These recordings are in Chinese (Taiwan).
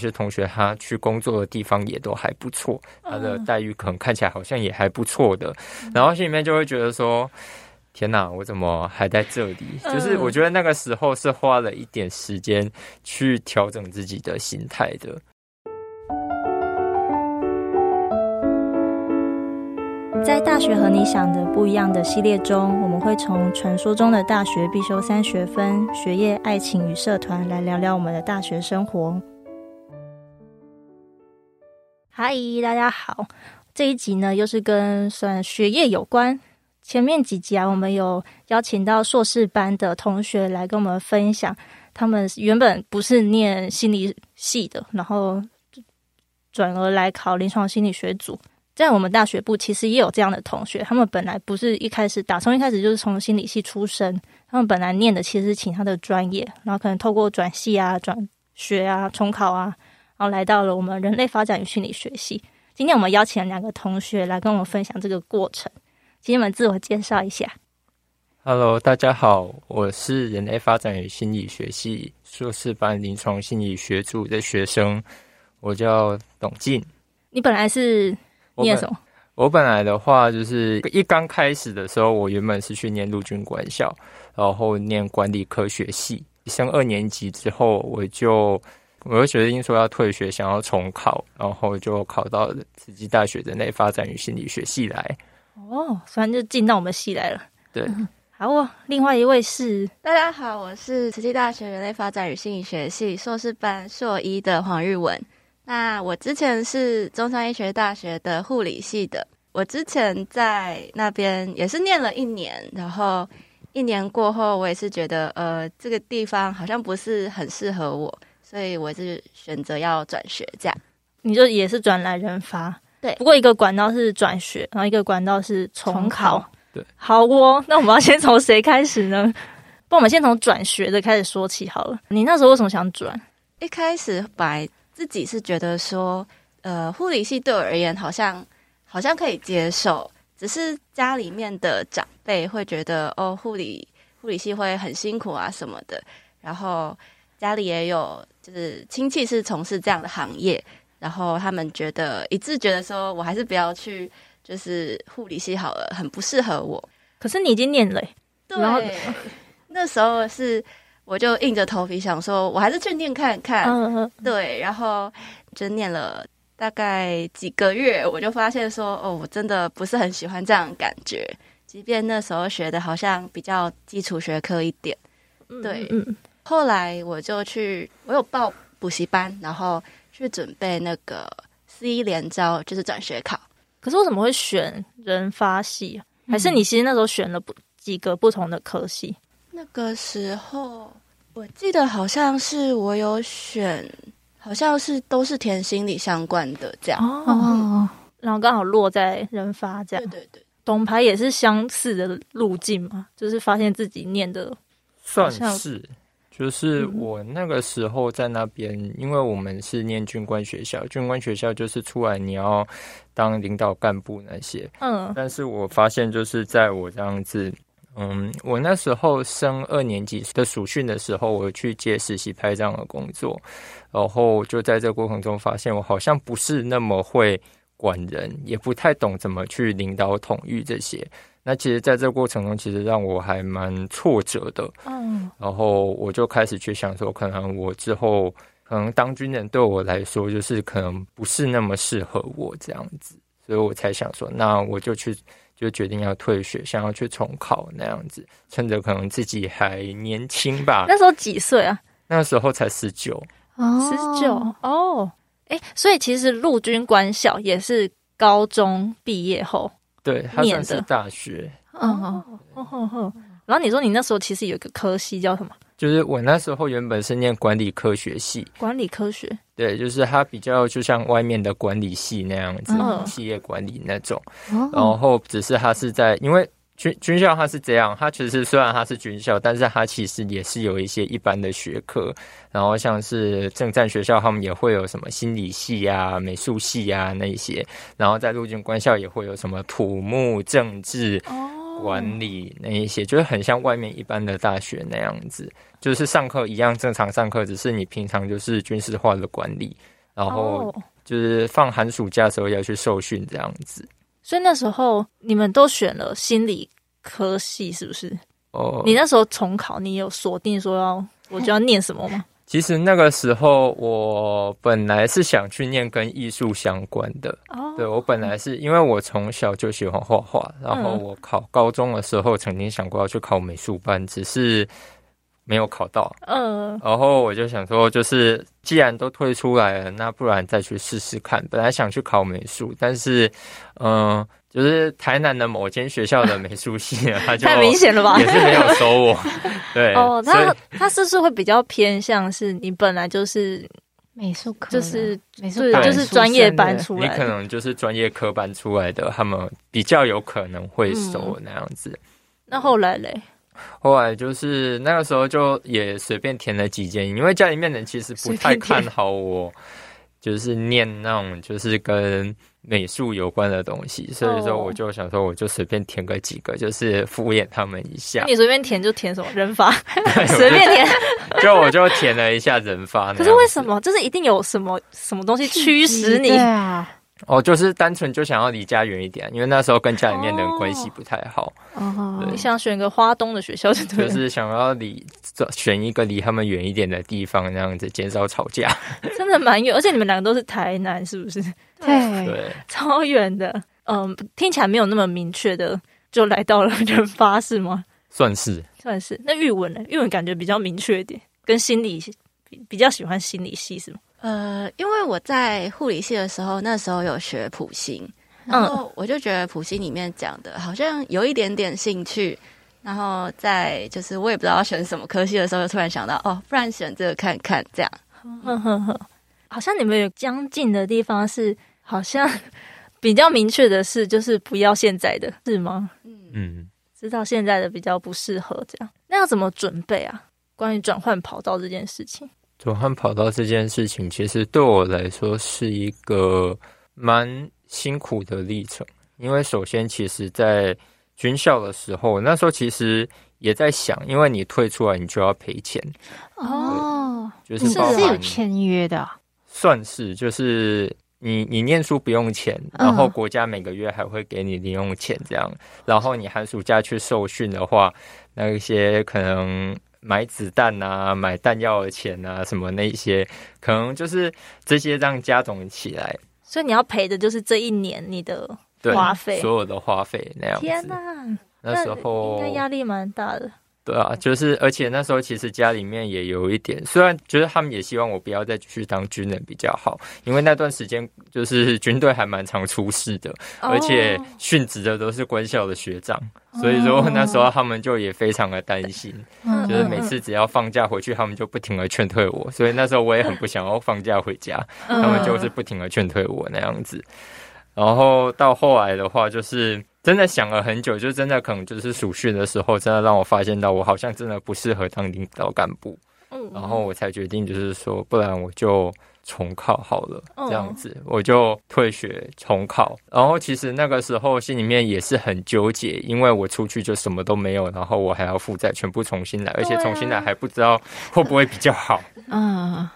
有些同學他去工作的地方也都還不錯，他的待遇可能看起來好像也還不錯的，然後心裡面就會覺得說：“天哪，我怎麼還在這裡？”就是我覺得那個時候是花了一點時間去調整自己的心態的。在大學和你想的不一樣的系列中，我們會從傳說中的大學必修三學分、學業、愛情與社團來聊聊我們的大學生活。阿姨，Hi, 大家好，這一集呢又是跟選學業有關。前面幾集啊，我們有邀請到碩士班的同學來跟我們分享，他們原本不是念心理系的，然後轉而來考臨床心理學組。在我們大學部，其實也有這樣的同學，他們本來不是一開始，打從一開始就是從心理系出身，他們本來念的其實是其他的專業，然後可能透過轉系啊、轉學啊、重考啊。然後來到了我們人類發展與心理學系。今天我們邀請了兩個同學來跟我們分享這個過程。請你們自我介紹一下。Hello，大家好，我是人類發展與心理學系碩士班臨床心理學組的學生，我叫董晉。你本來是念什麼？我？我本來的話就是一剛開始的時候，我原本是去念陸軍官校，然後念管理科學系。升二年級之後，我就。我又覺得，因說要退學，想要重考，然後就考到了慈濟大學人類發展與心理學系來。哦，所以就進到我們系來了。對， 好、哦，另外一位是，大家好，我是慈濟大學人類發展與心理學系碩士班碩一的黃鈺文。那我之前是中山醫學大學的護理系的，我之前在那邊也是念了一年，然後一年過後，我也是覺得，呃，這個地方好像不是很適合我。所以我是選擇要轉學這樣，你就也是轉來人發對，不過一個管道是轉學，然後一個管道是重考。重考對，好哦。那我們要先從誰開始呢？ 不，我們先從轉學的開始說起好了。你那時候為什麼想轉？一開始本來自己是覺得說，呃，護理系對我而言好像好像可以接受，只是家裡面的長輩會覺得哦，護理護理系會很辛苦啊什麼的，然後。家裡也有，就是親戚是從事這樣的行業，然後他們覺得一致覺得說，我還是不要去，就是護理系好了，很不適合我。可是你已經念了、欸，對，然後 那時候是我就硬着頭皮想說，我還是去念看看。嗯、uh huh. 對，然後就念了大概幾個月，我就發現說，哦，我真的不是很喜歡這樣的感覺，即便那時候學的好像比較基礎學科一點，mm hmm. 對，嗯、mm。Hmm. 後來我就去，我有報補習班，然後去準備那個 C 連招，就是轉學考。可是我怎麼會選人發系？啊？嗯、還是你其實那時候選了不幾個不同的科系？那個時候我記得好像是我有選，好像是都是填心理相關的這樣哦，嗯、然後剛好落在人發這樣。對對對，董晉也是相似的路徑嘛，就是發現自己唸的算是。好像就是我那個時候在那邊，因為我們是念軍官學校，軍官學校就是出來你要當領導幹部那些。嗯，但是我發現就是在我這樣子，嗯，我那時候升二年級的暑訓的時候，我去接實習排長這樣的工作，然後就在這個過程中發現我好像不是那麼會管人，也不太懂怎麼去領導、統御這些。那其實，在這個過程中，其實讓我還蠻挫折的。嗯，然後我就開始去想說，可能我之後，可能當軍人對我來說，就是可能不是那麼適合我這樣子，所以我才想說，那我就去，就決定要退學，想要去重考那樣子，趁着可能自己還年輕吧。那時候幾歲啊？那時候才十九。哦，十九哦，哎，所以其實陸軍官校也是高中畢業後。對，他念的大學，嗯，oh, oh, oh, oh, oh. 然後你說你那時候其實有一個科系叫什麼？就是我那時候原本是念管理科學系，管理科學，對，就是他比較就像外面的管理系那樣子，oh. 企業管理那種，然後只是他是在因為。軍軍校它是這樣，它其實雖然它是軍校，但是它其實也是有一些一般的學科，然後像是政戰學校，他們也會有什麼心理系啊、美術系啊那一些，然後在陸軍官校也會有什麼土木、政治、管理那一些，就是很像外面一般的大學那樣子，就是上課一樣正常上課，只是你平常就是軍事化的管理，然後就是放寒暑假的時候要去受訓這樣子。所以那時候你們都選了心理科系，是不是？哦、呃，你那時候重考，你有鎖定說要我就要念什麼嗎？其實那個時候我本來是想去念跟藝術相關的。哦，對，我本來是因為我從小就喜歡畫畫，然後我考高中的時候曾經想過要去考美術班，只是。沒有考到，嗯、呃，然後我就想說，就是既然都退出來了，那不然再去試試看。本來想去考美術，但是，嗯、呃，就是台南的某間學校的美術系， 他就太明顯了吧， 也是沒有收我。 對，哦，他以他是不是會比較偏向是你本來就是美術科，就是美術對就是專業班出來的，你可能就是專業科班出來的，他們比較有可能會收我那樣子。嗯、那後來嘞？後來就是那個時候，就也隨便填了幾件，因為家裡面人其實不太看好我，就是念那種就是跟美術有關的東西，所以說我就想說，我就隨便填個幾個，就是敷衍他們一下。你隨便填就填什麼？人發？隨 便填？ 就我就填了一下人發。可是為什麼？就是一定有什麼什麼東西驅使你？哦，oh, 就是單純就想要離家遠一點，因為那時候跟家裡面的關係不太好。哦、oh. oh. 對，你想選個花東的學校就對。就是想要離選一個離他們遠一點的地方，那樣子減少吵架。真的蠻遠，而且你們兩個都是台南，是不是？對對，對，超遠的。嗯，聽起來沒有那麼明確的，就來到了人發是嗎？算是算是。那鈺文呢？鈺文感覺比較明確一點，跟心理比較喜歡心理系是嗎？呃，因為我在護理系的時候，那時候有學普心，然後我就覺得普心裡面講的，好像有一點點興趣。然後在就是我也不知道要選什麼科系的時候，突然想到，哦，不然選這個看看這樣。呵呵呵，好像你們有相近的地方是，好像比較明確的是，就是不要現在的是嗎？嗯嗯，知道現在的比較不適合這樣。那要怎麼準備啊？關於轉換跑道這件事情？轉換跑道這件事情，其實對我來說是一個蠻辛苦的歷程。因為首先，其實在軍校的時候，那時候其實也在想，因為你退出來，你就要賠錢哦、嗯。就是你是有簽約的、啊，算是就是你你念書不用錢，然後國家每個月還會給你零用錢這樣，嗯、然後你寒暑假去受訓的話，那一些可能。買子彈啊，買彈藥的錢啊，什麼那一些，可能就是這些讓家總起來。所以你要賠的就是這一年你的花費，所有的花費。那樣子，天啊、那，那時候應該壓力蠻大的。對啊，就是而且那時候其實家裡面也有一點，雖然覺得他們也希望我不要再繼續當軍人比較好，因為那段時間就是軍隊還蠻常出事的，而且殉職的都是官校的學長，所以說那時候他們就也非常的擔心，就是每次只要放假回去，他們就不停的勸退我，所以那時候我也很不想要放假回家，他們就是不停的勸退我那樣子，然後到後來的話就是。真的想了很久，就真的可能就是暑訓的時候，真的讓我發現到我好像真的不適合當領導幹部，嗯，然後我才決定就是說，不然我就重考好了，嗯，這樣子我就退學重考。然後其實那個時候心裡面也是很糾結，因為我出去就什麼都沒有，然後我還要負債，全部重新來，而且重新來還不知道會不會比較好，嗯。嗯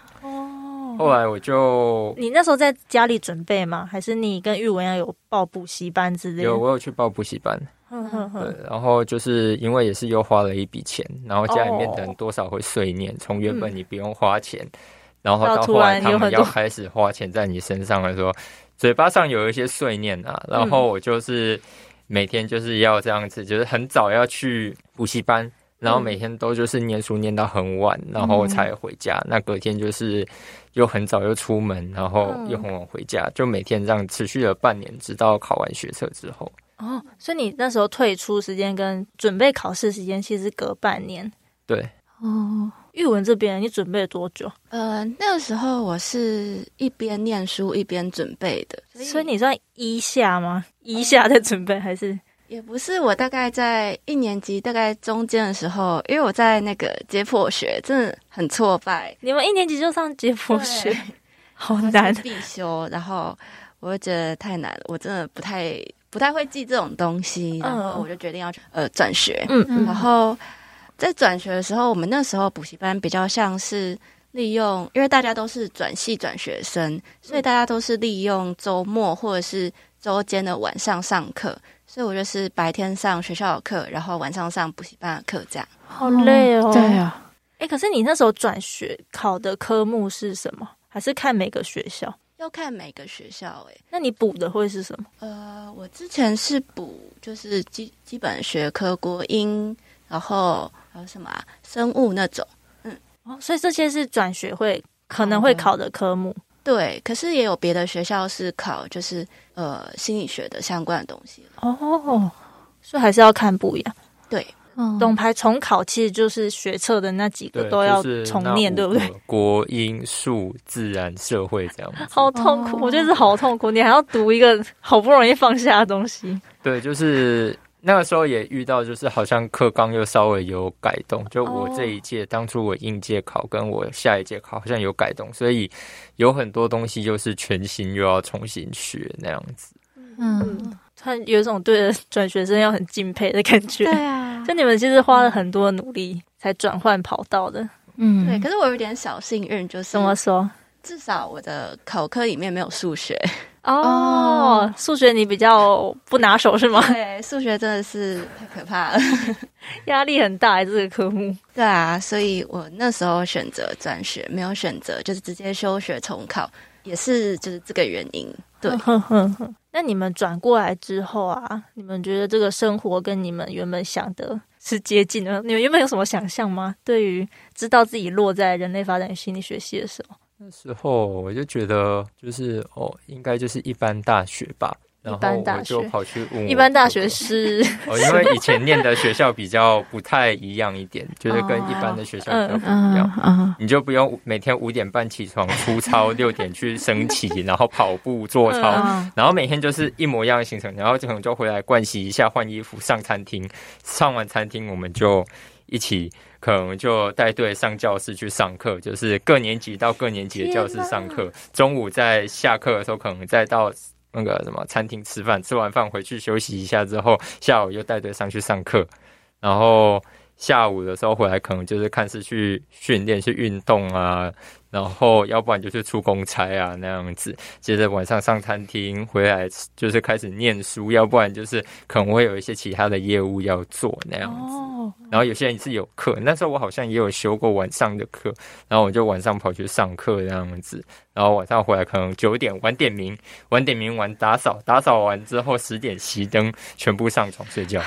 後來我就，你那時候在家裡準備嗎？還是你跟鈺文要有報補習班之類的？有，我有去報補習班呵呵呵。然後就是因為也是又花了一筆錢，然後家裡面的人多少會碎念，從、哦、原本你不用花錢，嗯、然後到後來他們要開始花錢在你身上的時候，嘴巴上有一些碎念啊。然後我就是每天就是要這樣子，就是很早要去補習班。然後每天都就是念書念到很晚，嗯、然後才回家。那隔天就是又很早又出門，然後又很晚回家，就每天這樣持續了半年，直到考完學測之後。哦，所以你那時候退出時間跟準備考試時間其實隔半年。對。哦、嗯，鈺文這邊你準備了多久？呃，那個時候我是一邊念書一邊準備的，所以你算一下嗎？一下在準備還是？也不是，我大概在一年級大概中間的時候，因為我在那個解剖學真的很挫敗。你們一年級就上解剖學，對好難必修。然後我就覺得太難了，我真的不太不太會記這種東西。然後我就決定要、嗯、呃轉學嗯。嗯，然後在轉學的時候，我們那時候補習班比較像是利用，因為大家都是轉系轉學生，所以大家都是利用周末或者是周間的晚上上課。所以我就是白天上學校的課，然後晚上上補習班的課，這樣。好累哦。嗯、對啊。誒、欸，可是你那時候轉學考的科目是什麼？還是看每個學校？要看每個學校誒、欸，那你補的會是什麼？呃，我之前是補就是基基本學科國英，然後還有什麼啊？生物那種。嗯。哦，所以這些是轉學會可能會考的科目。Okay. 對，可是也有別的學校是考，就是呃心理學的相關的東西哦，所以還是要看不一樣。對，嗯，董派重考其實就是學測的那幾個都要重念，對，就是、對不對？國英數自然社會這樣，好痛苦！哦、我覺得是好痛苦，你還要讀一個好不容易放下的東西。對，就是。那個時候也遇到，就是好像課綱又稍微有改動。就我這一屆，當初我應屆考，跟我下一屆考，好像有改動，所以有很多東西就是全新，又要重新學那樣子。嗯、然、嗯、有一種對轉學生要很敬佩的感覺。對啊，就你們其實花了很多努力才轉換跑道的。嗯，對。可是我有點小幸運，就是這、嗯、麼說，至少我的考科裡面沒有數學。Oh, 哦，數學你比較不拿手 是嗎？對，數學真的是太可怕了，壓 力很大。這個科目，對啊，所以我那時候選擇轉學，沒有選擇就是直接休學重考，也是就是這個原因。對， 那你們轉過來之後啊，你們覺得這個生活跟你們原本想的是接近的？你們原本有什麼想象嗎？對於知道自己落在人類發展與心理學系的時候？那時候我就覺得就是哦，應該就是一般大學吧，然後我就跑去問一般,一般大學是、哦，因為以前念的學校比較不太一樣一點， 就是跟一般的學校比較不一樣，oh, oh. 你就不用每天五點半起床出操，六 點去升旗，然後跑步做操， 然後每天就是一模一樣的行程，然後就可能就回來盥洗一下，換衣服，上餐廳，上完餐廳我們就一起。可能就帶隊上教室去上課，就是各年級到各年級的教室上課。中午在下課的時候，可能再到那個什麼餐廳吃飯，吃完飯回去休息一下之後，下午又帶隊上去上課。然後下午的時候回來，可能就是看是去訓練、去運動啊。然後要不然就是出公差啊那樣子，接着晚上上餐廳回來就是開始念書，要不然就是可能會有一些其他的業務要做那樣子。哦、然後有些人是有課，那時候我好像也有修過晚上的課，然後我就晚上跑去上課那樣子。然後晚上回來可能九點晚點名，晚點名完打掃，打掃完之後十點熄燈，全部上床睡覺。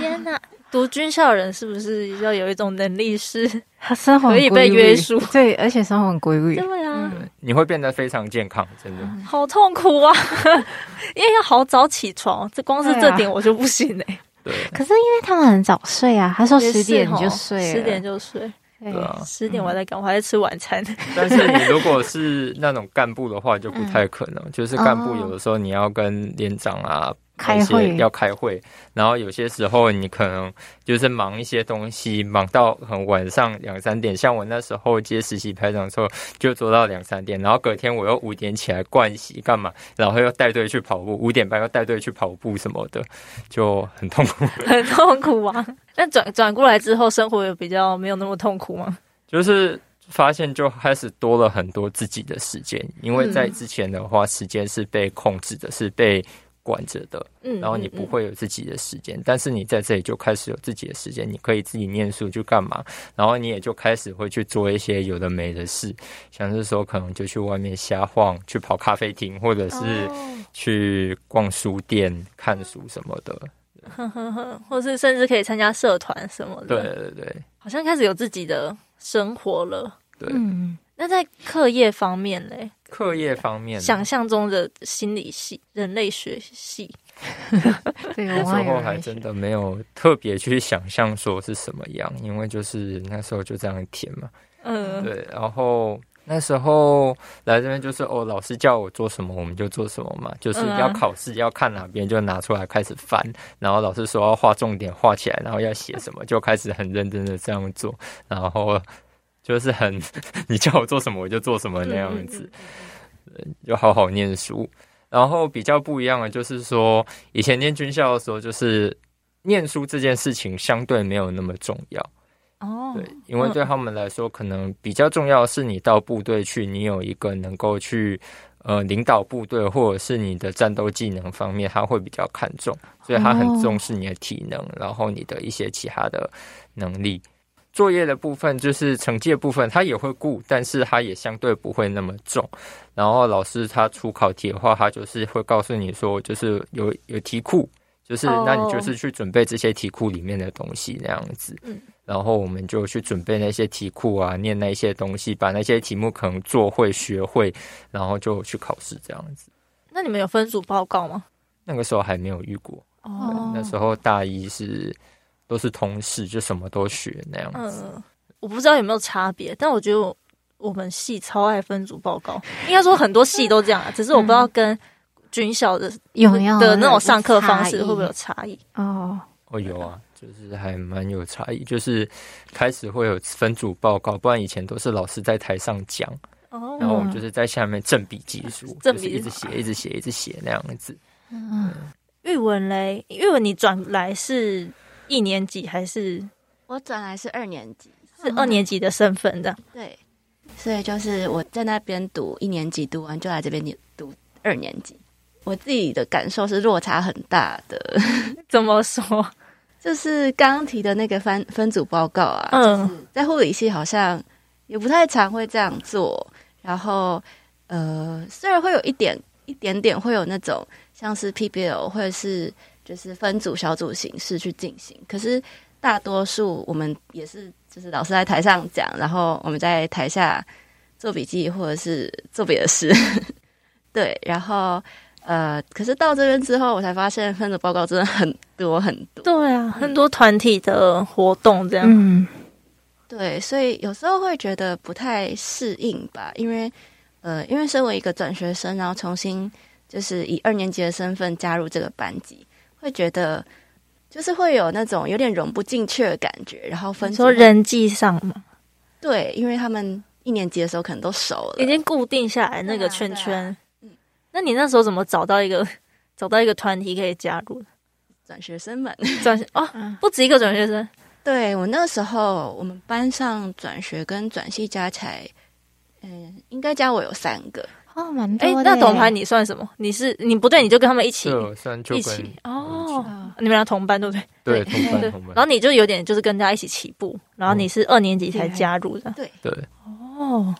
天哪！讀軍校的人是不是要有一種能力，是他生活可以被約束？對，而且生活很規律。對啊、嗯，你會變得非常健康，真的。嗯、好痛苦啊！ 因為要好早起床，這光是這點、哎、呀我就不行哎、欸。對。可是因為他們很早睡啊，他說十點就睡，哦、十點就睡。欸、對、啊、十點我在趕，我還在吃晚餐。 但是你如果是那種幹部的話，就不太可能。嗯、就是幹部有的時候你要跟連長啊。嗯開會要開會，然後有些時候你可能就是忙一些東西，忙到很晚上兩三點。像我那時候接實習排長的時候，就做到兩三點，然後隔天我又五點起來盥洗幹嘛，然後又帶隊去跑步，五點半又帶隊去跑步什麼的，就很痛苦，很痛苦啊。但 轉轉過來之後，生活也比較沒有那麼痛苦嗎？就是發現就開始多了很多自己的時間，因為在之前的話，嗯、時間是被控制的，是被。管着的，嗯，然後你不會有自己的時間，嗯嗯嗯、但是你在這裡就開始有自己的時間，你可以自己念書去幹嘛，然後你也就開始會去做一些有的沒的事，像是說可能就去外面瞎晃，去跑咖啡廳，或者是去逛書店、哦、看書什麼的，呵呵呵，或是甚至可以參加社團什麼的，對，對對對，好像開始有自己的生活了，對。嗯那在課業方面呢？課業方面，想象中的心理系、人類學系， 對 那時候還真的沒有特別去想象說是什麼樣，因為就是那時候就這樣填嘛。嗯，對。然後那時候來這邊就是哦，老師叫我做什麼我們就做什麼嘛，就是要考試、嗯啊、要看哪邊就拿出來開始翻，然後老師說要畫重點畫起來，然後要寫什麼就開始很認真的這樣做，然後。就是很， 你叫我做什麼我就做什麼那樣子，對對對對，就好好念書。然後比較不一樣的就是說，以前念軍校的時候，就是念書這件事情相對沒有那麼重要哦。對，因為對他們來說，嗯、可能比較重要是你到部隊去，你有一個能夠去呃領導部隊，或者是你的戰鬥技能方面，他會比較看重，所以他很重視你的體能，哦、然後你的一些其他的能力。作業的部分就是成績的部分，他也會顧，但是他也相對不會那麼重。然後老師他出考題的話，他就是會告訴你說，就是有有題庫，就是、oh. 那你就是去準備這些題庫裡面的東西那樣子。嗯、然後我們就去準備那些題庫啊，念那些東西，把那些題目可能做會、學會，然後就去考試這樣子。那你們有分組報告嗎？那個時候還沒有遇過哦、oh. 嗯。那時候大一是。都是同事，就什麼都學那樣子。嗯，我不知道有沒有差別，但我覺得我們系超愛分組報告， 應該說很多系都這樣啊。只是我不知道跟軍校的有、嗯、的那種上課方式會不會有差異哦。哦、嗯，有啊，就是還蠻有差異，就是開始會有分組報告，不然以前都是老師在台上講，然後我們就是在下面振筆疾書，振筆、嗯、一直寫，一直寫，一直寫那樣子。嗯，鈺、嗯、文嘞，鈺文你轉來是。一年級還是我轉來是二年級，是二年級的身份的，嗯。對，所以就是我在那邊讀一年級，讀完就來這邊讀二年級。我自己的感受是落差很大的。怎麼說？就是剛剛提的那個分分組報告啊，嗯，在護理系好像也不太常會這樣做。然後，呃，雖然會有一點一點點會有那種像是 PBL 或者是。就是分組小組形式去進行，可是大多數我們也是就是老師在台上講，然後我們在台下做筆記或者是做別的事。 對，然後呃，可是到這邊之後，我才發現分組報告真的很多很多。對啊，嗯、很多團體的活動這樣。嗯，對，所以有時候會覺得不太適應吧，因為呃，因為身為一個轉學生，然後重新就是以二年級的身份加入這個班級。會覺得，就是會有那種有點融不進去的感覺，然後分說人際上嘛，對，因為他們一年級的時候可能都熟了，已經固定下來那個圈圈。嗯、啊，啊啊、那你那時候怎麼找到一個找到一個團體可以加入？嗯、轉學生們，轉哦，不止一個轉學生。嗯、對我那時候，我們班上轉學跟轉系加起來，嗯，應該加我有三個。哦，蠻多哎。那同班你算什麼？你是你不對，你就跟他們一起，一起哦。你們倆同班對不對？對，同班同班。然後你就有點就是跟大家一起起步，然後你是二年級才加入的。對對。哦，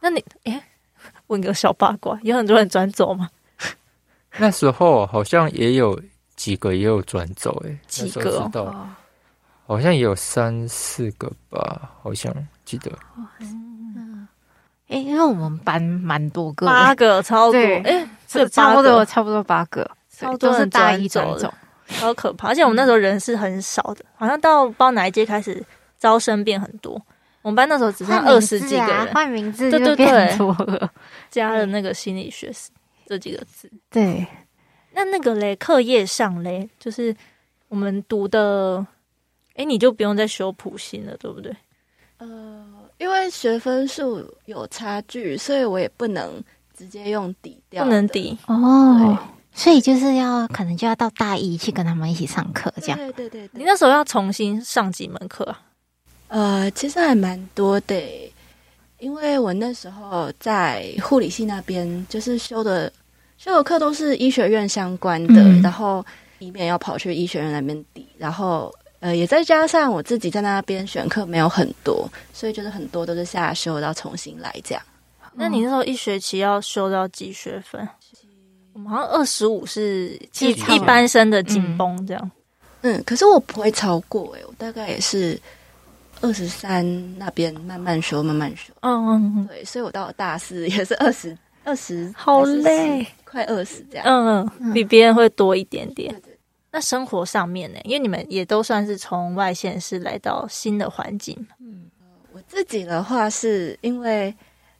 那你哎，問個小八卦，有很多人轉走嗎？那時候好像也有幾個，也有轉走，哎，幾個的，好像也有三四個吧，好像記得。哎，因為我們班蠻多個，八個，超多，哎，這八個差不多八個，超多是大一種，超可怕。而且我們那時候人是很少的，好像到不知道哪一屆開始招生變很多。我們班那時候只剩二十幾個人，換名字，對對對，加了那個心理學這幾個字。對，那那個嘞，課業上嘞，就是我們讀的，哎，你就不用再修普心了，對不對？呃。因為學分數有差距，所以我也不能直接用抵掉，不能抵哦。對。所以就是要可能就要到大一去跟他們一起上課，這樣。對對對，對對對，你那時候要重新上幾門課啊？呃，其實還蠻多的，欸，因為我那時候在護理系那邊，就是修的修的課都是醫學院相關的，嗯、然後以免要跑去醫學院那邊抵，然後。呃，也再加上我自己在那邊選課沒有很多，所以就是很多都是下修，到重新來這樣。嗯、那你那時候一學期要修到幾學分？七我們好像二十五是七一，一般生的緊繃這樣嗯。嗯，可是我不會超過哎、欸，我大概也是二十三那邊慢慢，慢慢修，慢慢修。嗯嗯，對，所以我到大四也是二十二十，十好累，快二十這樣。嗯嗯，比別人會多一點點。嗯那生活上面呢？欸，因為你們也都算是從外縣市來到新的環境。嗯、呃，我自己的話是因為，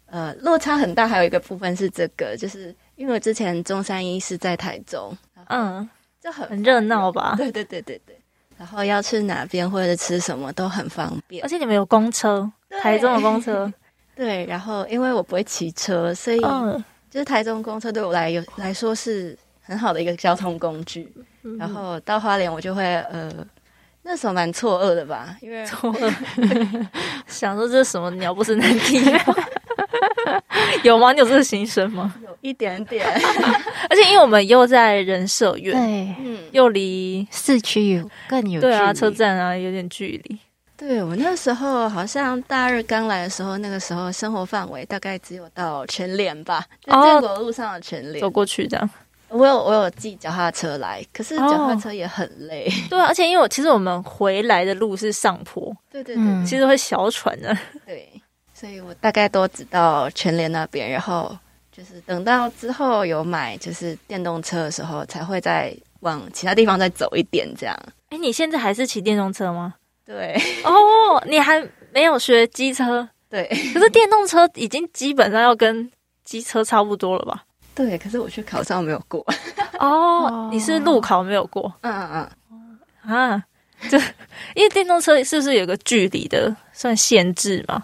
呃，落差很大，還有一個部分是這個，就是因為我之前中山醫是在台中，嗯，就很很熱鬧吧？對對對對對。然後要去哪邊或者吃什麼都很方便，而且你們有公車，對台中的公車。 對，然後因為我不會騎車，所以、嗯、就是台中公車對我來有來說是。很好的一個交通工具，然後到花蓮我就會呃，那時候蠻錯愕的吧，因為錯愕，想說這是什麼鳥不生蛋的地方。有嗎？有這個心聲嗎？有一點點，而且因為我們又在人社院，又離市區有更遠。對啊，車站啊有點距離。對我那時候好像大二剛來的時候，那個時候生活範圍大概只有到全聯吧，建國路上的全聯走過去這樣。我有我有騎腳踏車來，可是腳踏車也很累。哦、對、啊，而且因為我其實我們回來的路是上坡，對對對，其實會小喘的、啊。對，所以我大概都只到全聯那邊，然後就是等到之後有買就是電動車的時候，才會再往其他地方再走一點這樣。哎，你現在還是騎電動車嗎？對。哦，你還沒有學機車？對。可是電動車已經基本上要跟機車差不多了吧？對，可是我去考照沒有過。哦，你是路考沒有過？嗯嗯嗯。啊，就因為電動車是不是有個距離的算限制嗎？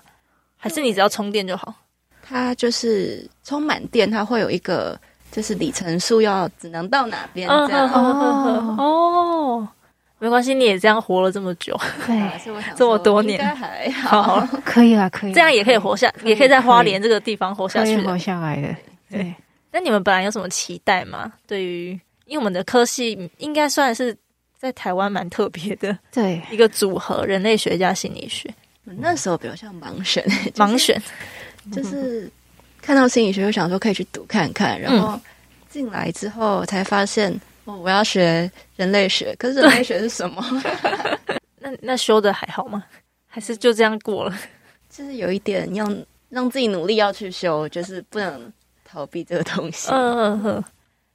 還是你只要充電就好？它就是充滿電，它會有一個就是里程數要只能到哪邊這樣。哦，沒關係，你也這樣活了這麼久，對，這麼多年，好，可以了，可以，這樣也可以活下，也可以在花蓮這個地方活下去，活下來的，對。那你們本來有什麼期待嗎？對於，因為我們的科系應該算是在台灣蠻特別的，對一個組合——對人類學加心理學。那時候比較像盲選，盲選就是看到心理學就想說可以去讀看看，然後進來之後才發現哦，我要學人類學，可是人類學是什麼？對 那那修的還好嗎？還是就這樣過了？就是有一點要讓自己努力要去修，就是不能。逃避這個東西。嗯嗯嗯。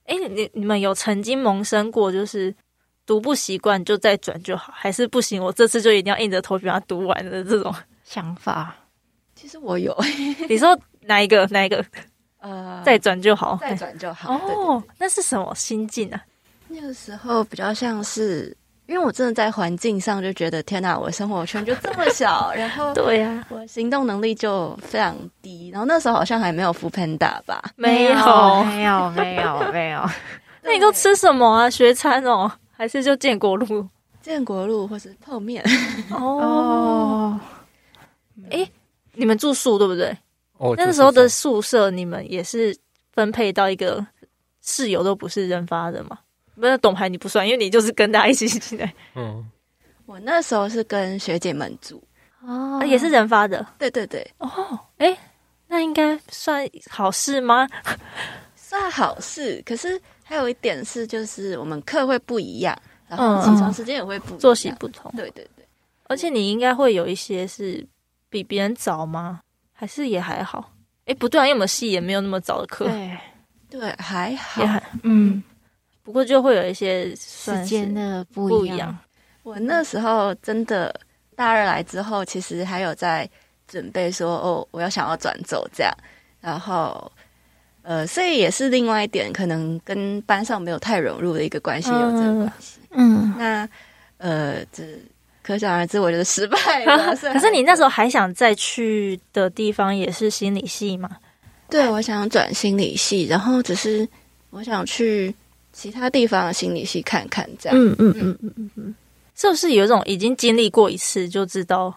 哎、呃欸，你你們有曾經萌生過，就是讀不習慣就再轉就好，還是不行，我這次就一定要硬着頭皮把它讀完的這種想法？其實我有。 你說哪一個？哪一個？呃，再轉就好，再轉就好。對哦，對對對對，那是什麼心境啊？那個時候比較像是。因為我真的在環境上就覺得天哪、啊,我的生活圈就這麼小，然後對呀，我行動能力就非常低，然後那時候好像還沒有 foodpanda 吧？沒有， 沒有，沒有，沒有，沒有。那你都吃什麼啊？學餐哦、喔，還是就建國路？建國路，或是泡麵？哦。哎，你們住宿對不對？哦。Oh, 那個時候的宿舍，你們也是分配到一個室友都不是人發的嗎？不是懂牌，你不算，因為你就是跟大家一起進來。嗯，我那時候是跟學姐們住哦、啊，也是人發的。對對對。哦、哎、欸，那應該算好事嗎？算好事。可是還有一點是，就是我們課會不一樣，然後起床時間也會不一樣、嗯嗯、作息不同。對對對。而且你應該會有一些是比別人早嗎？還是也還好？哎、欸，不對、啊，因為我們系也沒有那麼早的課、欸。對，還好。還嗯。不過就會有一些時間的不一樣。我那時候真的大二來之後，其實還有在準備說哦，我要想要轉走這樣。然後呃，所以也是另外一點，可能跟班上沒有太融入的一個關係有這個關係。嗯，那呃，這可想而知，我覺得失敗了。 可是你那時候還想再去的地方也是心理系嘛？對，我想轉心理系，然後只是我想去。其他地方的心理系去看看，這樣。嗯嗯嗯嗯嗯嗯，嗯嗯嗯嗯，就是有一種已經經歷過一次就知道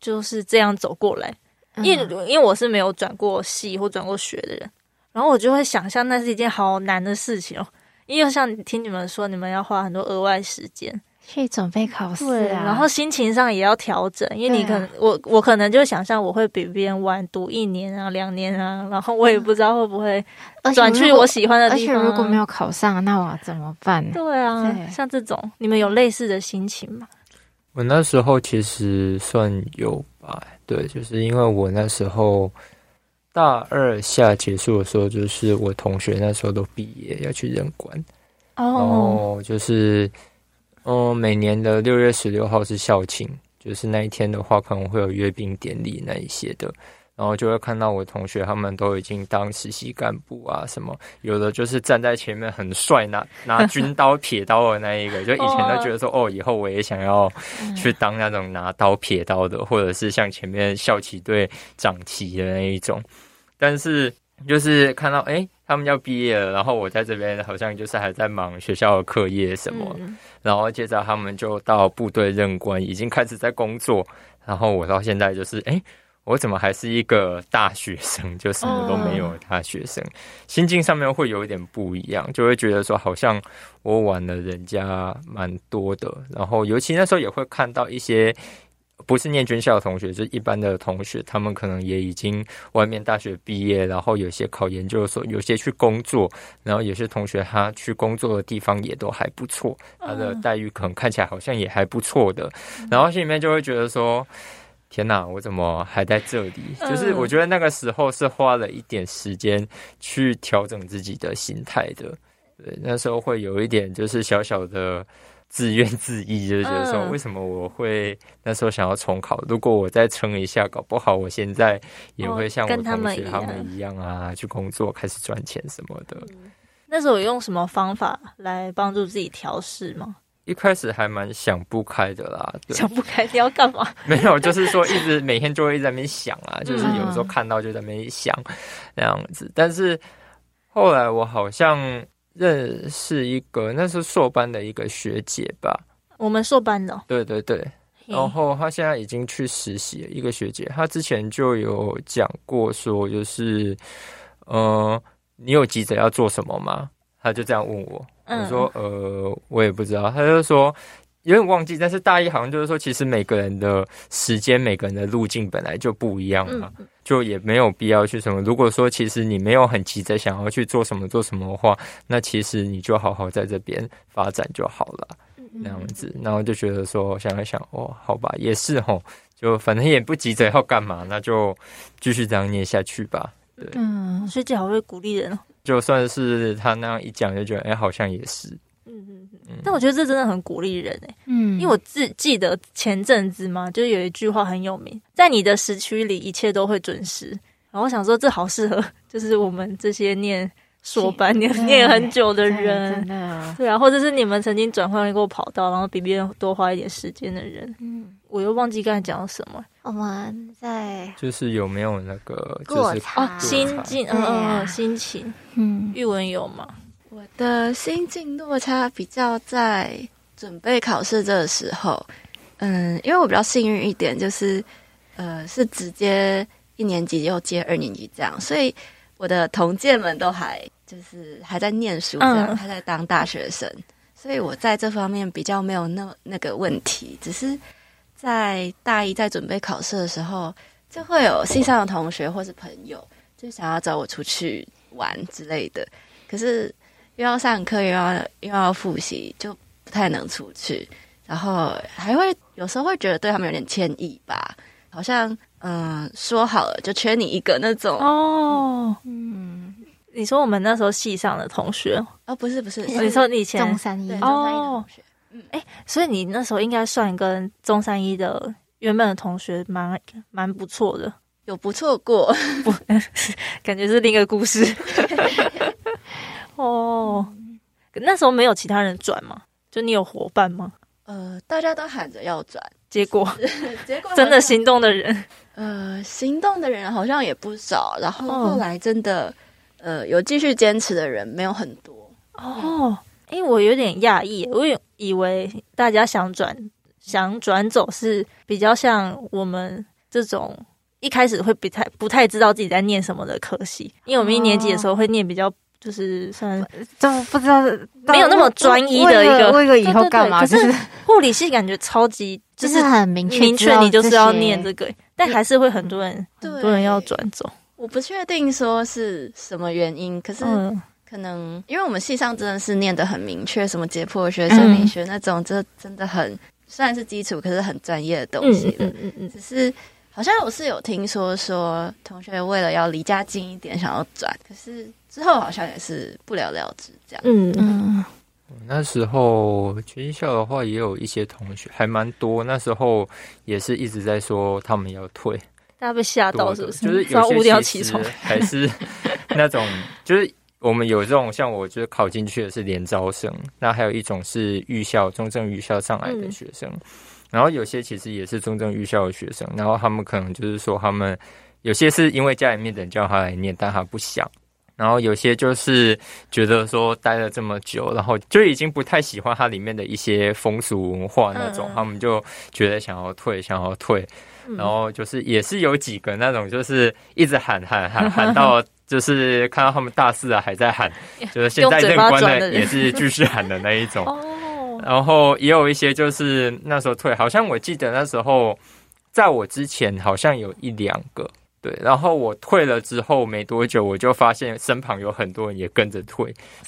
就是這樣走過來？因為、嗯、因為我是沒有轉過系或轉過學的人，然後我就會想象那是一件好難的事情哦、喔。因為像你聽你們說，你們要花很多額外時間。去準備考試，啊，然後心情上也要調整，因為你可能、啊、我我可能就想象我會比別人晚讀一年啊兩年啊，然後我也不知道會不會轉去我喜歡的地方，啊。而且如果，如果沒有考上，那我怎麼辦？對啊，對，像這種你們有類似的心情嗎？我那時候其實算有吧，對，就是因為我那時候大二下結束的時候，就是我同學那時候都畢業要去任官，哦，oh. 就是。嗯、哦，每年的六月十六號是校慶，就是那一天的話，可能會有閱兵典禮那一些的，然後就會看到我同學他們都已經當實習幹部啊，什麼有的就是站在前面很帥拿拿軍刀撇刀的那一個， 就以前都覺得說哦，以後我也想要去當那種拿刀撇刀的， 嗯、或者是像前面校旗隊掌旗的那一種，但是就是看到哎。誒他們要畢業了，然後我在這邊好像就是還在忙學校的課業什麼，嗯、然後接着他們就到部隊任官，已經開始在工作，然後我到現在就是，哎，我怎麼還是一個大學生，就什麼都沒有，大學生、嗯、心境上面會有一點不一樣，就會覺得說好像我晚了人家蠻多的，然後尤其那時候也會看到一些。不是念軍校的同學，就一般的同學，他們可能也已經外面大學畢業，然後有些考研究所，有些去工作，然後有些同學他去工作的地方也都還不錯，他的待遇可能看起來好像也還不錯的，嗯、然後心裡面就會覺得說：“天哪，我怎麼還在這裡？”就是我覺得那個時候是花了一點時間去調整自己的心態的，對，那時候會有一點就是小小的。自怨自艾，就是覺得說，為什麼我會那時候想要重考？嗯、如果我再撐一下，搞不好我現在也會像我同學跟他們、他們一樣啊，去工作開始賺錢什麼的、嗯。那時候用什麼方法來幫助自己調適嗎？一開始還蠻想不開的啦，對，想不開你要幹嘛？ 沒有，就是說一直每天就會在那邊想啊，就是有時候看到就在那邊想那、嗯、樣子。但是後來我好像。認識一個，那是碩班的一個學姐吧。我們碩班的，對對對。嘿然後她現在已經去實習了。一個學姐，她之前就有講過，說就是，嗯、呃，你有急着要做什麼嗎？她就這樣問我。我說，嗯、呃，我也不知道。她就說。有點忘記，但是大一好像就是說，其實每個人的時間、每個人的路徑本來就不一樣嘛，嗯、就也沒有必要去什麼。如果說其實你沒有很急着想要去做什麼、做什麼的話，那其實你就好好在這邊發展就好了，那、嗯、樣子。然後就覺得說，想一想，哦，好吧，也是吼，就反正也不急着要幹嘛，那就繼續這樣念下去吧。對，嗯，學姐好會鼓勵人。就算是他那樣一講，就覺得，哎、欸，好像也是。嗯嗯嗯，但我覺得這真的很鼓勵人哎、欸。嗯，因為我自記得前陣子嘛，就有一句話很有名，在你的時區裡一切都會準時。然後我想說這好適合，就是我們這些念碩班念念很久的人，對，的啊對啊，或者是你們曾經轉換過跑道，然後比別人多，多花一點時間的人。嗯，我又忘記剛才講了什麼。我們在就是有沒有那個過程？心境，嗯嗯，心情，嗯，鈺文有嗎？我的心境落差比較在準備考試這個時候，嗯，因為我比較幸運一點，就是呃，是直接一年級又接二年級這樣，所以我的同屆們都還就是還在念書，這樣、嗯、還在當大學生，所以我在這方面比較沒有那那個問題。只是在大一在準備考試的時候，就會有系上的同學或是朋友，就想要找我出去玩之類的，可是，又要上課，又要又要複習，就不太能出去。然後還會有時候會覺得對他們有點歉意吧，好像嗯、呃，說好了就缺你一個那種哦。嗯，嗯，你說我們那時候系上的同學啊、哦，不是不是，你說你以前中三一哦？哎、嗯，所以你那時候應該算跟中三一的原本的同學蠻蠻不錯的，有不錯過 不？感覺是另一個故事。 哦，那時候沒有其他人轉嗎？就你有夥伴嗎？呃，大家都喊着要轉果，結果結果真的行動的人，呃，行動的人好像也不少。然後後來真的，哦、呃，有繼續堅持的人沒有很多哦。因為、嗯欸，我有點訝異，我以為大家想轉想轉走是比較像我們這種一開始會不太不太知道自己在念什麼的科系，因為我們一年級的時候會念比較。就是算就不知道，沒有那麼專一的一個一個、個以後幹嘛對對對？可是護、就是、理系感覺超級，就是很明確，你就是要念這個，這些但還是會很多人，很多人要轉走。我不確定說是什麼原因，可是可能、嗯、因為我們系上真的是念得很明確，什麼解剖學、生理學、嗯、那種，這真的很雖然是基礎，可是很專業的東西嗯嗯嗯嗯。嗯嗯嗯只是好像我是有聽說說同學為了要離家近一點想要轉，可是。之後好像也是不了了之這樣嗯。嗯，那時候軍校的話也有一些同學還蠻多，那時候也是一直在說他們要退，大家被嚇到是不是？就是有些其實，還是那種， 就是我們有這種像我，就是考進去的是聯招生，那還有一種是預校中正預校上來的學生，嗯、然後有些其實也是中正預校的學生，然後他們可能就是說他們有些是因為家裡面的人叫他來念，但他不想。然後有些就是覺得說待了這麼久，然後就已經不太喜歡它裡面的一些風俗文化那種，他們就覺得想要退，想要退。嗯、然後就是也是有幾個那種，就是一直喊喊喊喊到，就是看到他們大四了，啊，還在喊， 就是現在任官的也是繼續喊的那一種。哦。然後也有一些就是那時候退，好像我記得那時候在我之前好像有一兩個。對，然後我退了之後沒多久，我就發現身旁有很多人也跟着退，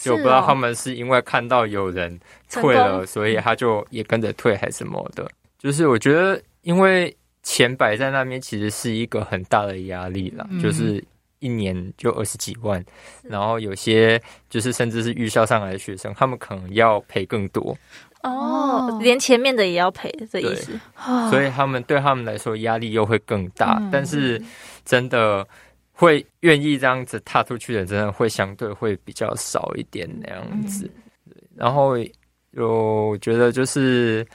我、哦、不知道他們是因為看到有人退了，功所以他就也跟着退還是什麼的。就是我覺得，因為錢擺在那邊，其實是一個很大的壓力了，嗯、就是一年就二十幾萬，然後有些就是甚至是預校上來的學生，他們可能要賠更多哦，連前面的也要賠的意思，哦、所以他們對他們來說壓力又會更大，嗯、但是。真的會願意這樣子踏出去的，真的會相對會比較少一點那樣子。然後有覺得就是，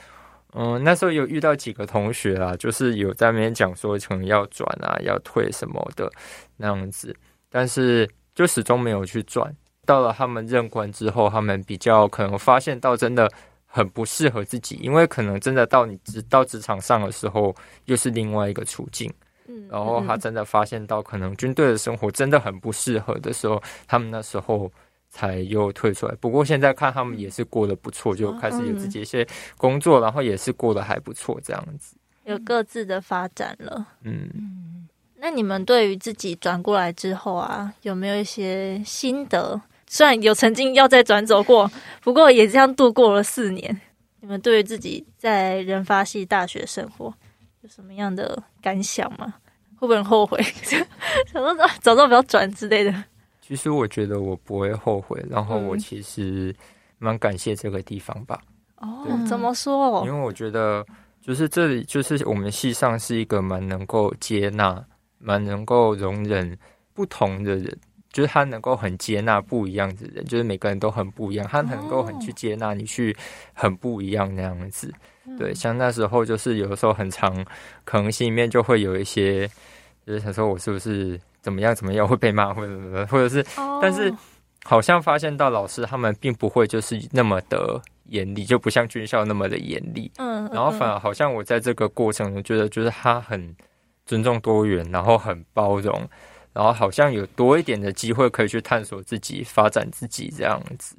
嗯，那時候有遇到幾個同學啊，就是有在那邊講說可能要轉啊、要退什麼的那樣子，但是就始終沒有去轉。到了他們任官之後，他們比較可能發現到真的很不適合自己，因為可能真的到你到職場上的時候，又是另外一個處境。然後他真的發現到，可能軍隊的生活真的很不適合的時候，他們那時候才又退出來。不過現在看，他們也是過得不錯，就開始有自己一些工作，然後也是過得還不錯，這樣子。有各自的發展了。嗯，那你們對於自己轉過來之後啊，有沒有一些心得？雖然有曾經要再轉走過，不過也這樣度過了四年。你們對於自己在人發系大學生活什麼樣的感想嗎、啊？會不會很後悔？想說啊，早知道不要轉之類的。其實我覺得我不會後悔，然後我其實蠻感謝這個地方吧。嗯、對哦，怎麼說？因為我覺得就是這裡，就是我們系上是一個蠻能夠接納、蠻能夠容忍不同的人，就是他能夠很接納不一樣的人，就是每個人都很不一樣，他能夠很去接納你去很不一樣那樣子。哦對，像那時候就是有的時候很常，可能心裡面就會有一些，就是想說我是不是怎麼樣怎麼樣會被罵或者怎麼，或者是，哦、但是好像發現到老師他們並不會就是那麼的嚴厲，就不像軍校那麼的嚴厲。嗯，然後反而好像我在這個過程中覺得，就是他很尊重多元，然後很包容，然後好像有多一點的機會可以去探索自己、發展自己這樣子。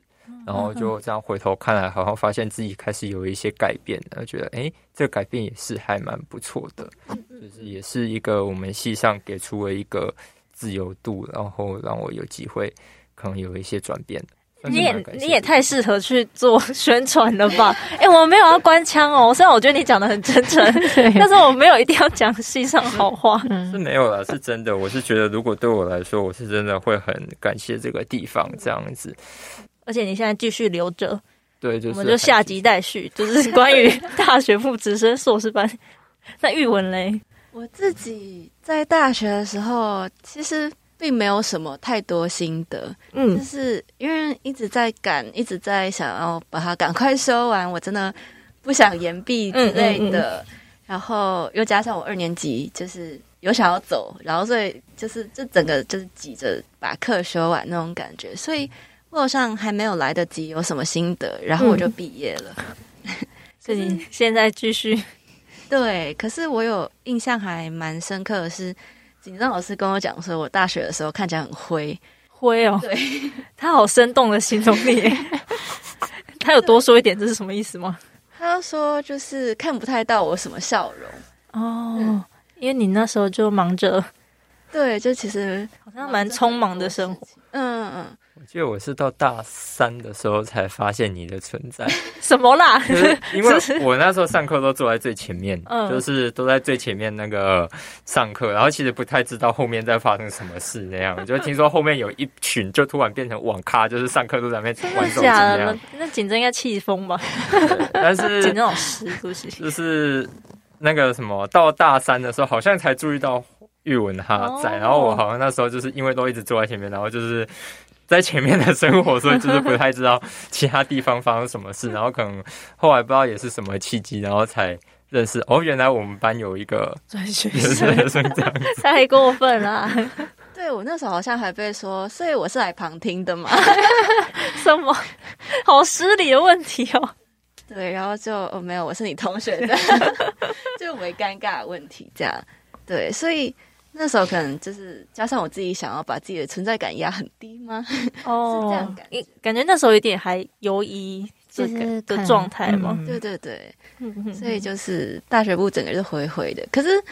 然後就這樣回頭看來，好像發現自己開始有一些改變，然後覺得哎，這個改變也是還蠻不錯的，就是也是一個我們系上給出了一個自由度，然後讓我有機會可能有一些轉變。你,你也你也太適合去做宣傳了吧？哎、 欸，我沒有要官腔哦，對雖然我覺得你講的很真誠， 對但是我沒有一定要講系上好話是,是沒有啦是真的。我是覺得，如果對我來說，我是真的會很感謝這個地方這樣子。而且你現在繼續留着，對，就是、我們就下集待續，是就是關於大學部直升碩士 班。那鈺文嘞。我自己在大學的時候，其實並沒有什麼太多心得，嗯，就是因為一直在趕，一直在想要把它趕快修完，我真的不想延畢之類的。嗯嗯嗯、然後又加上我二年級就是有想要走，然後所以就是這整個就是擠着把課修完那種感覺，所以。嗯我好像還沒有來得及有什麼心得，然後我就畢業了。嗯、 是所以現在繼續對，可是我有印象還蠻深刻的是緊張老師跟我講說，我大學的時候看起來很灰灰哦。對他好生動的形容你， 他有多說一點，這是什麼意思嗎？他說就是看不太到我什麼笑容哦，嗯、因為你那時候就忙着，對，就其實好像蠻匆忙的生活，嗯嗯。嗯就我是到大三的時候才發現你的存在， 什麼啦？因為我那時候上課都坐在最前面， 嗯、就是都在最前面那個上課，然後其實不太知道後面在發生什麼事那樣。就聽說後面有一群就突然變成網咖，就是上課都在那玩手機。真的假的？那錦真應該氣瘋吧？但是錦真老師 就是那個什麼，到大三的時候好像才注意到鈺文他在，哦、然後我好像那時候就是因為都一直坐在前面，然後就是。在前面的生活，所以就是不太知道其他地方發生什麼事， 然後可能後來不知道也是什麼契機，然後才認識。哦，原來我們班有一個轉學生，這樣太 過分了、啊。 對，我那時候好像還被說，所以我是來旁聽的嘛？ 什麼？好失禮的問題哦。 對，然後就哦，沒有我是你同學的， 就為尷尬的問題這樣。對，所以。那時候可能就是加上我自己想要把自己的存在感壓很低嗎？哦， 是這樣感覺，欸，感覺那時候有點還猶疑這個的狀態嘛。嗯、哼對對對，嗯、哼所以就是大學部整個是灰灰的。可是現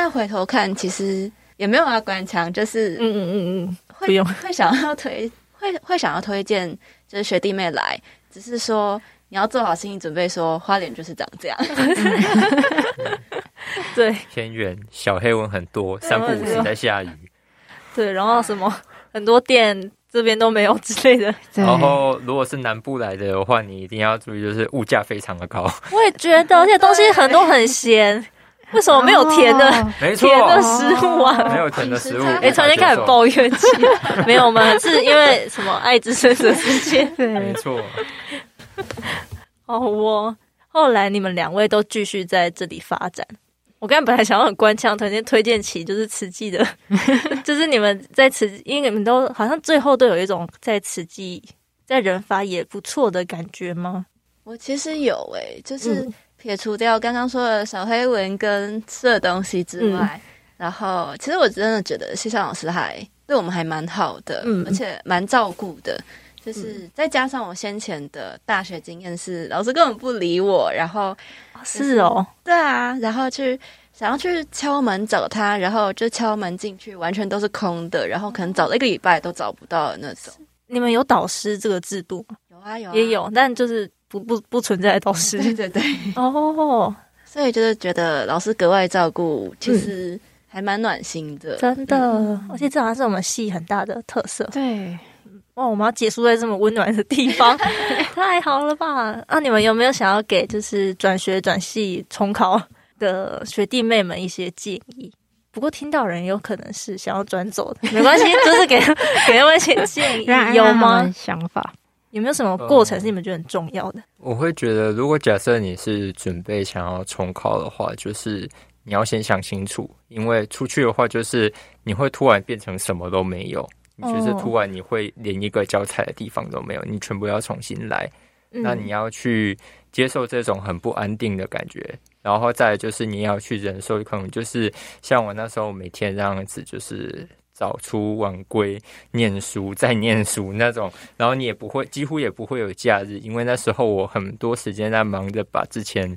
在回頭看，其實也沒有法關腔。就是嗯嗯嗯嗯，不用會想要推， 會會想要推薦就是學弟妹來，只是說你要做好心理準備，說花蓮就是長這樣。嗯 對，偏遠，小黑蚊很多，三不五時在下雨。對，然後什麼很多店這邊都沒有之類的。然後，如果是南部來的的話，你一定要注意，就是物價非常的高。我也覺得，這些東西很多很鹹，為什麼沒有甜的？沒錯，甜的食物啊？沒有甜的食物。哎，突然間開始抱怨起，沒有嗎？是因為什麼？愛之深責之切。沒錯。哦，我後來你們兩位都繼續在這裡發展。我剛才本來想要很官腔，團建推薦起就是慈濟的， 就是你們在慈，因為你們都好像最後都有一種在慈濟在人發也不錯的感覺嗎？我其實有哎、欸，就是撇除掉剛剛說的小黑文跟吃的東西之外，嗯、然後其實我真的覺得謝善老師還對我們還蠻好的，嗯、而且蠻照顧的。就是再加上我先前的大學經驗是老師根本不理我，然後是哦，對啊，然後去想要去敲門找他，然後就敲門進去，完全都是空的，然後可能找了一個禮拜都找不到的那種、哦。你們有導師這個制度嗎、哦？有啊，有啊也有，但就是不不不存在導師，哦、對對，對哦，所以就是覺得老師格外照顧，其實還蠻暖心的，嗯嗯、真的。而且這好像是我們系很大的特色，對。哇，我們要結束在這麼溫暖的地方， 太好了吧？啊，你們有沒有想要給就是轉學、轉系、重考的學弟妹們一些建議？不過聽到人有可能是想要轉走的，沒關係，就是給 給他們一些建議，有嗎？想法有沒有什麼過程是你們覺得很重要的？嗯，我會覺得，如果假設你是準備想要重考的話，就是你要先想清楚，因為出去的話，就是你會突然變成什麼都沒有。就是突然你會連一個交彩的地方都沒有，oh. 你全部要重新來。嗯、那你要去接受這種很不安定的感覺，然後再來就是你要去忍受，可能就是像我那時候每天這樣子，就是早出晚歸念書再念書那種，然後你也不會幾乎也不會有假日，因為那時候我很多時間在忙着把之前。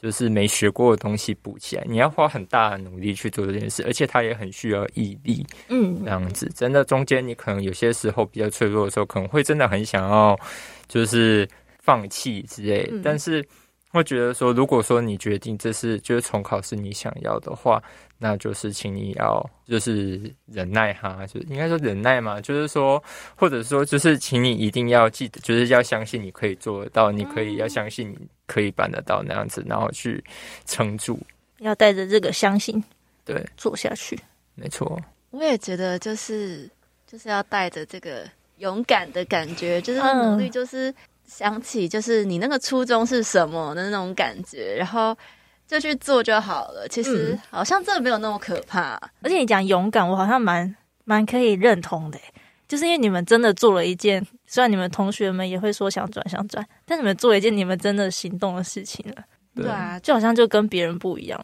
就是沒學過的東西補起來，你要花很大的努力去做這件事，而且它也很需要毅力。嗯，這樣子，真的中間你可能有些時候比較脆弱的時候，可能會真的很想要就是放棄之類，嗯，但是。會覺得說，如果說你決定這是就是重考是你想要的話，那就是請你要就是忍耐哈，就應該說忍耐嘛，就是說或者說就是，請你一定要記得，就是要相信你可以做得到，你可以要相信你可以辦得到那樣子，嗯、然後去撐住，要帶着這個相信對做下去，沒錯。我也覺得就是就是要帶着這個勇敢的感覺，就是努力，就是。嗯想起就是你那個初衷是什麼的那種感覺，然後就去做就好了。其實好像真的沒有那麼可怕，嗯、而且你講勇敢，我好像蠻蠻可以認同的。就是因為你們真的做了一件，雖然你們同學們也會說想轉想轉，但你們做了一件你們真的行動的事情了。對啊，就好像就跟別人不一樣，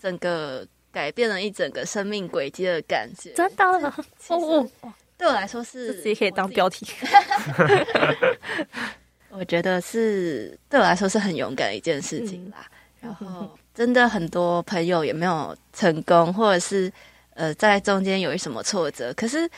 整個改變了一整個生命軌跡的感覺。真的，實哦，哦，哦，對我來說是自己可以當標題。自 我覺得是對我來說是很勇敢的一件事情啦，嗯。然後真的很多朋友也沒有成功，或者是呃在中間有什麼挫折。可是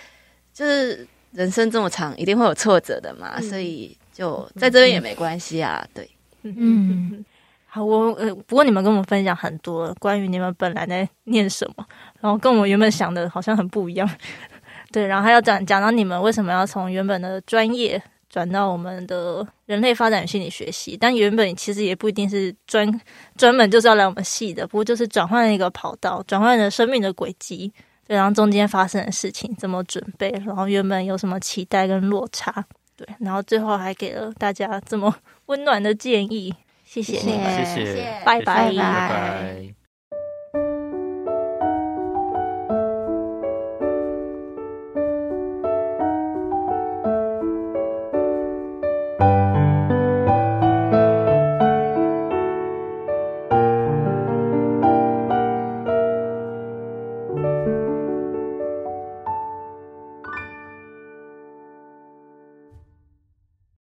就是人生這麼長，一定會有挫折的嘛。嗯，所以就在這邊也沒關係啊。對，嗯，好，我呃不過你們跟我們分享很多關於你們本來在念什麼，然後跟我原本想的好像很不一樣。 對，然後還要講講到你們為什麼要從原本的專業。轉到我們的人類發展與心理學系，但原本其實也不一定是專專門就是要來我們系的，不過就是轉換了一個跑道，轉換了生命的軌跡。對，然後中間發生的事情，怎麼準備，然後原本有什麼期待跟落差，對，然後最後還給了大家這麼溫暖的建議，謝謝你們，謝謝，謝謝拜拜，謝謝拜拜。拜拜。